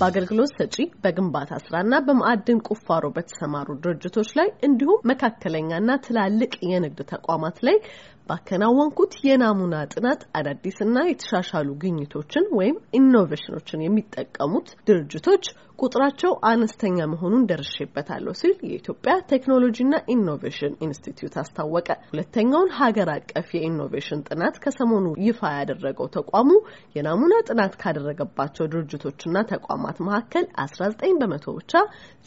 በአገልግሎት ሰጪ፣ በግንባታ ስራና በማዕድን ቁፋሮ በተሰማሩ ድርጅቶች ላይ እንዲሁም መካከለኛና ትላልቅ የንግድ ተቋማት ላይ ባከናወንኩት የናሙና ጥናት አዳዲስና የተሻሻሉ ግኝቶችን ወይም ኢኖቬሽኖችን የሚጠቀሙት ድርጅቶች ቁጥራቸው አነስተኛ መሆኑን ደርሼበታለሁ ሲል የኢትዮጵያ ቴክኖሎጂና ኢኖቬሽን ኢንስቲትዩት አስታወቀ። ሁለተኛውን ሀገር አቀፍ የኢኖቬሽን ጥናት ከሰሞኑ ይፋ ያደረገው ተቋሙ የናሙና ጥናት ካደረገባቸው ድርጅቶችና ተቋማት መካከል 19 በመቶ ብቻ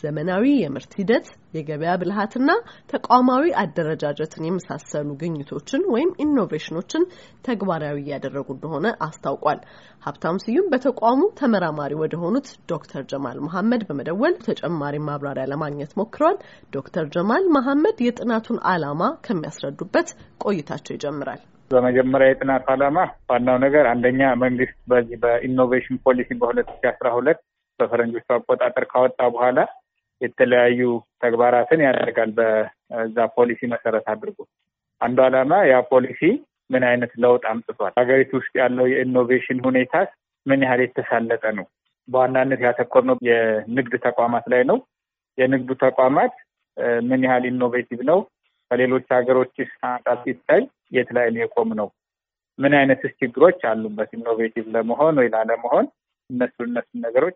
ዘመናዊ የምርት ሂደት የገበያ ብልሃትና ተቋማዊ አደረጃጀትን የመሳሰሉ ግኝቶችን ወይም ኢኖቬሽኖችን ተግባራዊ እያደረጉ እንደሆነ አስታውቋል። ሀብታም ስዩም በተቋሙ ተመራማሪ ወደሆኑት ዶክተር ጀማል መሐመድ በመደወል ተጨማሪ ማብራሪያ ለማግኘት ሞክረዋል። ዶክተር ጀማል መሐመድ የጥናቱን ዓላማ ከሚያስረዱበት ቆይታቸው ይጀምራል። በመጀመሪያ የጥናቱ ዓላማ ዋናው ነገር አንደኛ መንግስት በዚህ በኢኖቬሽን ፖሊሲ በሁለት ሺ አስራ ሁለት በፈረንጆቹ አቆጣጠር ካወጣ በኋላ የተለያዩ ተግባራትን ያደርጋል በዛ ፖሊሲ መሰረት አድርጎ አንዱ ዓላማ ያ ፖሊሲ ምን አይነት ለውጥ አምጥቷል፣ ሀገሪቱ ውስጥ ያለው የኢኖቬሽን ሁኔታስ ምን ያህል የተሳለጠ ነው። በዋናነት ያተኮርነው የንግድ ተቋማት ላይ ነው። የንግዱ ተቋማት ምን ያህል ኢኖቬቲቭ ነው፣ ከሌሎች ሀገሮች አንጻር ሲታይ የት ላይ የቆም ነው፣ ምን አይነትስ ችግሮች አሉበት ኢኖቬቲቭ ለመሆን ወይ ላለመሆን፣ እነሱ እነሱን ነገሮች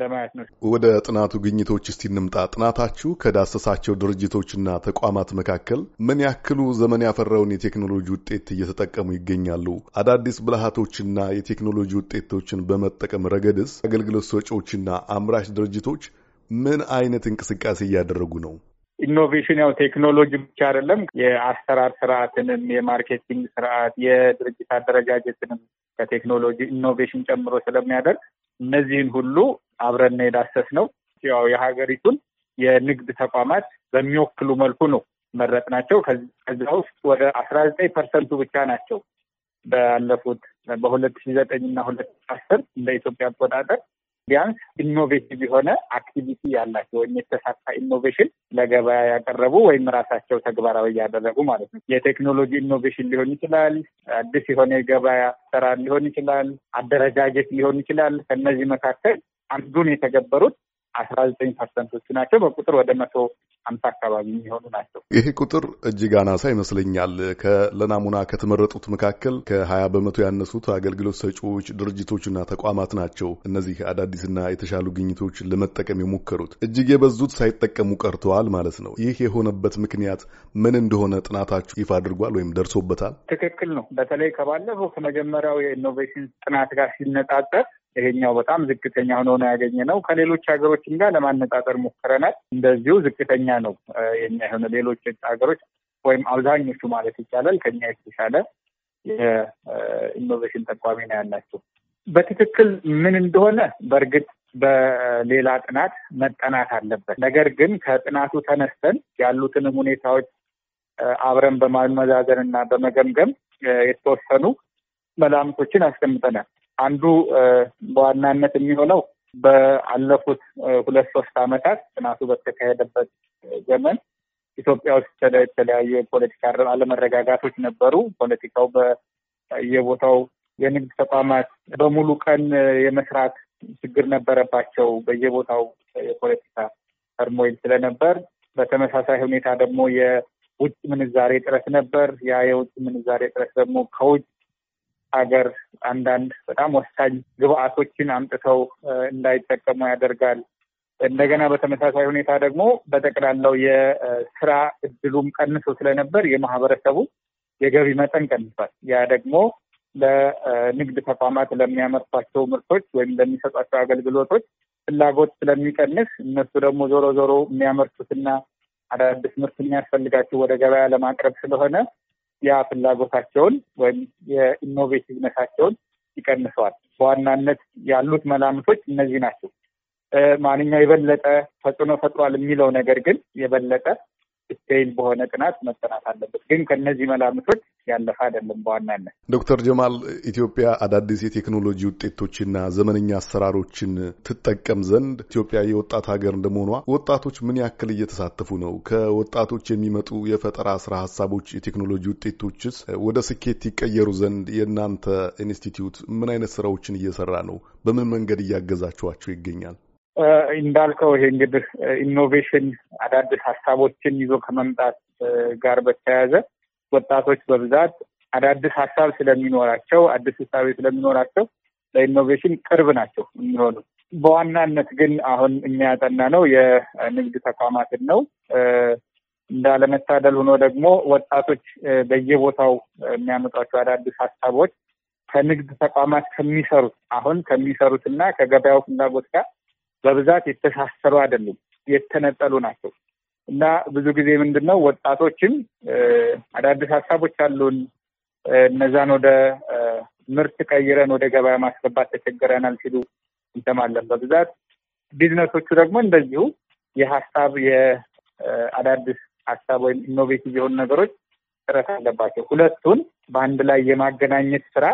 ለማየት ነው። ወደ ጥናቱ ግኝቶች እስቲ እንምጣ። ጥናታችሁ ከዳሰሳቸው ድርጅቶችና ተቋማት መካከል ምን ያክሉ ዘመን ያፈራውን የቴክኖሎጂ ውጤት እየተጠቀሙ ይገኛሉ? አዳዲስ ብልሃቶችና የቴክኖሎጂ ውጤቶችን በመጠቀም ረገድስ አገልግሎት ሰጪዎችና አምራች ድርጅቶች ምን አይነት እንቅስቃሴ እያደረጉ ነው? ኢኖቬሽን ያው ቴክኖሎጂ ብቻ አይደለም። የአሰራር ስርዓትንም፣ የማርኬቲንግ ስርዓት፣ የድርጅት አደረጃጀትንም ከቴክኖሎጂ ኢኖቬሽን ጨምሮ ስለሚያደርግ እነዚህን ሁሉ አብረን የዳሰስ ነው። ያው የሀገሪቱን የንግድ ተቋማት በሚወክሉ መልኩ ነው መረጥ ናቸው። ከዚያ ውስጥ ወደ አስራ ዘጠኝ ፐርሰንቱ ብቻ ናቸው ባለፉት በሁለት ሺ ዘጠኝ እና ሁለት ሺ አስር እንደ ኢትዮጵያ አቆጣጠር ቢያንስ ኢኖቬቲቭ የሆነ አክቲቪቲ ያላቸው ወይም የተሳካ ኢኖቬሽን ለገበያ ያቀረቡ ወይም ራሳቸው ተግባራዊ እያደረጉ ማለት ነው። የቴክኖሎጂ ኢኖቬሽን ሊሆን ይችላል፣ አዲስ የሆነ የገበያ ስራ ሊሆን ይችላል፣ አደረጃጀት ሊሆን ይችላል። ከእነዚህ መካከል አንዱን የተገበሩት አስራ ዘጠኝ ፐርሰንቶቹ ናቸው። በቁጥር ወደ መቶ ሀምሳ አካባቢ የሚሆኑ ናቸው። ይሄ ቁጥር እጅግ አናሳ ይመስለኛል። ለናሙና ከተመረጡት መካከል ከሀያ በመቶ ያነሱት አገልግሎት ሰጪዎች፣ ድርጅቶችና ተቋማት ናቸው። እነዚህ አዳዲስና የተሻሉ ግኝቶች ለመጠቀም የሞከሩት እጅግ የበዙት ሳይጠቀሙ ቀርተዋል ማለት ነው። ይህ የሆነበት ምክንያት ምን እንደሆነ ጥናታችሁ ይፋ አድርጓል ወይም ደርሶበታል? ትክክል ነው። በተለይ ከባለፈው ከመጀመሪያው የኢኖቬሽን ጥናት ጋር ሲነጣጠር ይሄኛው በጣም ዝቅተኛ ሆኖ ነው ያገኘ ነው። ከሌሎች ሀገሮችም ጋር ለማነጻጸር ሞክረናል። እንደዚሁ ዝቅተኛ ነው የኛ የሆነ ሌሎች ሀገሮች ወይም አብዛኞቹ ማለት ይቻላል ከኛ የተሻለ የኢኖቬሽን ተቋሚ ነው ያላቸው። በትክክል ምን እንደሆነ በእርግጥ በሌላ ጥናት መጠናት አለበት። ነገር ግን ከጥናቱ ተነስተን ያሉትንም ሁኔታዎች አብረን በማመዛዘን እና በመገምገም የተወሰኑ መላምቶችን አስቀምጠናል። አንዱ በዋናነት የሚሆነው በአለፉት ሁለት ሶስት ዓመታት ጥናቱ በተካሄደበት ዘመን ኢትዮጵያ ውስጥ የተለያዩ የፖለቲካ አለመረጋጋቶች ነበሩ። ፖለቲካው በየቦታው የንግድ ተቋማት በሙሉ ቀን የመስራት ችግር ነበረባቸው። በየቦታው የፖለቲካ ተርሞይል ስለነበር፣ በተመሳሳይ ሁኔታ ደግሞ የውጭ ምንዛሬ ጥረት ነበር። ያ የውጭ ምንዛሬ ጥረት ደግሞ ከውጭ ሀገር አንዳንድ በጣም ወሳኝ ግብአቶችን አምጥተው እንዳይጠቀሙ ያደርጋል። እንደገና በተመሳሳይ ሁኔታ ደግሞ በጠቅላላው የስራ እድሉም ቀንሶ ስለነበር የማህበረሰቡ የገቢ መጠን ቀንሷል። ያ ደግሞ ለንግድ ተቋማት ለሚያመርቷቸው ምርቶች ወይም ለሚሰጧቸው አገልግሎቶች ፍላጎት ስለሚቀንስ እነሱ ደግሞ ዞሮ ዞሮ የሚያመርቱትና አዳዲስ ምርት የሚያስፈልጋቸው ወደ ገበያ ለማቅረብ ስለሆነ ያ ፍላጎታቸውን ወይም የኢኖቬቲቭነታቸውን ይቀንሰዋል። በዋናነት ያሉት መላምቶች እነዚህ ናቸው። ማንኛው የበለጠ ተጽዕኖ ፈጥሯል የሚለው ነገር ግን የበለጠ ስቴይል በሆነ ጥናት መጠናት አለበት። ግን ከእነዚህ መላምቶች ያለፈ አይደለም። በዋናነት ዶክተር ጀማል ኢትዮጵያ አዳዲስ የቴክኖሎጂ ውጤቶችና ዘመነኛ አሰራሮችን ትጠቀም ዘንድ ኢትዮጵያ የወጣት ሀገር እንደመሆኗ ወጣቶች ምን ያክል እየተሳተፉ ነው? ከወጣቶች የሚመጡ የፈጠራ ስራ ሀሳቦች፣ የቴክኖሎጂ ውጤቶችስ ወደ ስኬት ይቀየሩ ዘንድ የእናንተ ኢንስቲትዩት ምን አይነት ስራዎችን እየሰራ ነው? በምን መንገድ እያገዛችኋቸው ይገኛል? እንዳልከው ይሄ እንግዲህ ኢኖቬሽን አዳዲስ ሀሳቦችን ይዞ ከመምጣት ጋር በተያያዘ ወጣቶች በብዛት አዳዲስ ሀሳብ ስለሚኖራቸው አዲስ ሀሳቤ ስለሚኖራቸው ለኢኖቬሽን ቅርብ ናቸው የሚሆኑ። በዋናነት ግን አሁን የሚያጠና ነው የንግድ ተቋማትን ነው። እንዳለመታደል ሆኖ ደግሞ ወጣቶች በየቦታው የሚያመጧቸው አዳዲስ ሀሳቦች ከንግድ ተቋማት ከሚሰሩት አሁን ከሚሰሩት እና ከገበያው ፍላጎት ጋር በብዛት የተሳሰሩ አይደሉም፣ የተነጠሉ ናቸው። እና ብዙ ጊዜ ምንድን ነው ወጣቶችም አዳዲስ ሀሳቦች አሉን እነዛን ወደ ምርት ቀይረን ወደ ገበያ ማስገባት ተቸግረናል ሲሉ እንሰማለን በብዛት። ቢዝነሶቹ ደግሞ እንደዚሁ የሀሳብ የአዳዲስ ሀሳብ ወይም ኢኖቬቲቭ የሆኑ ነገሮች ጥረት አለባቸው። ሁለቱን በአንድ ላይ የማገናኘት ስራ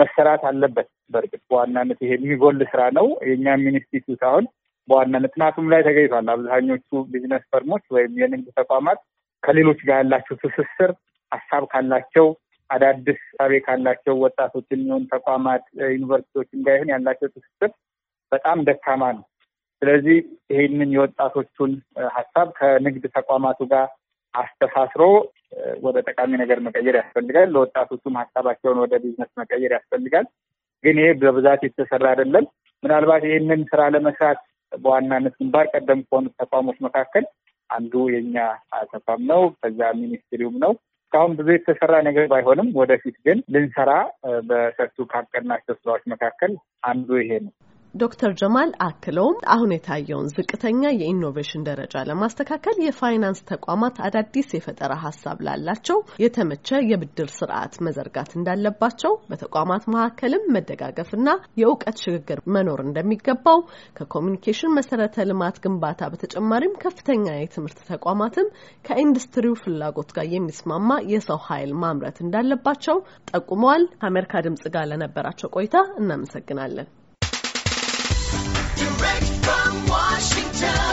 መሰራት አለበት። በእርግጥ በዋናነት ይሄ የሚጎል ስራ ነው። የእኛ ሚኒስቲቱት አሁን በዋናነት ጥናቱም ላይ ተገኝቷል። አብዛኞቹ ቢዝነስ ፈርሞች ወይም የንግድ ተቋማት ከሌሎች ጋር ያላቸው ትስስር ሀሳብ ካላቸው አዳዲስ ሳቤ ካላቸው ወጣቶች የሚሆን ተቋማት ዩኒቨርሲቲዎች እንዳይሆን ያላቸው ትስስር በጣም ደካማ ነው። ስለዚህ ይህንን የወጣቶቹን ሀሳብ ከንግድ ተቋማቱ ጋር አስተሳስሮ ወደ ጠቃሚ ነገር መቀየር ያስፈልጋል። ለወጣቶቹም ሀሳባቸውን ወደ ቢዝነስ መቀየር ያስፈልጋል። ግን ይሄ በብዛት የተሰራ አይደለም። ምናልባት ይህንን ስራ ለመስራት በዋናነት ግንባር ቀደም ከሆኑ ተቋሞች መካከል አንዱ የኛ ተቋም ነው። ከዛ ሚኒስትሪውም ነው። እስካሁን ብዙ የተሰራ ነገር ባይሆንም ወደፊት ግን ልንሰራ በሰፊው ካቀድናቸው ስራዎች መካከል አንዱ ይሄ ነው። ዶክተር ጀማል አክለውም አሁን የታየውን ዝቅተኛ የኢኖቬሽን ደረጃ ለማስተካከል የፋይናንስ ተቋማት አዳዲስ የፈጠራ ሀሳብ ላላቸው የተመቸ የብድር ስርዓት መዘርጋት እንዳለባቸው፣ በተቋማት መካከልም መደጋገፍና የእውቀት ሽግግር መኖር እንደሚገባው፣ ከኮሚኒኬሽን መሰረተ ልማት ግንባታ በተጨማሪም ከፍተኛ የትምህርት ተቋማትም ከኢንዱስትሪው ፍላጎት ጋር የሚስማማ የሰው ኃይል ማምረት እንዳለባቸው ጠቁመዋል። ከአሜሪካ ድምጽ ጋር ለነበራቸው ቆይታ እናመሰግናለን። time.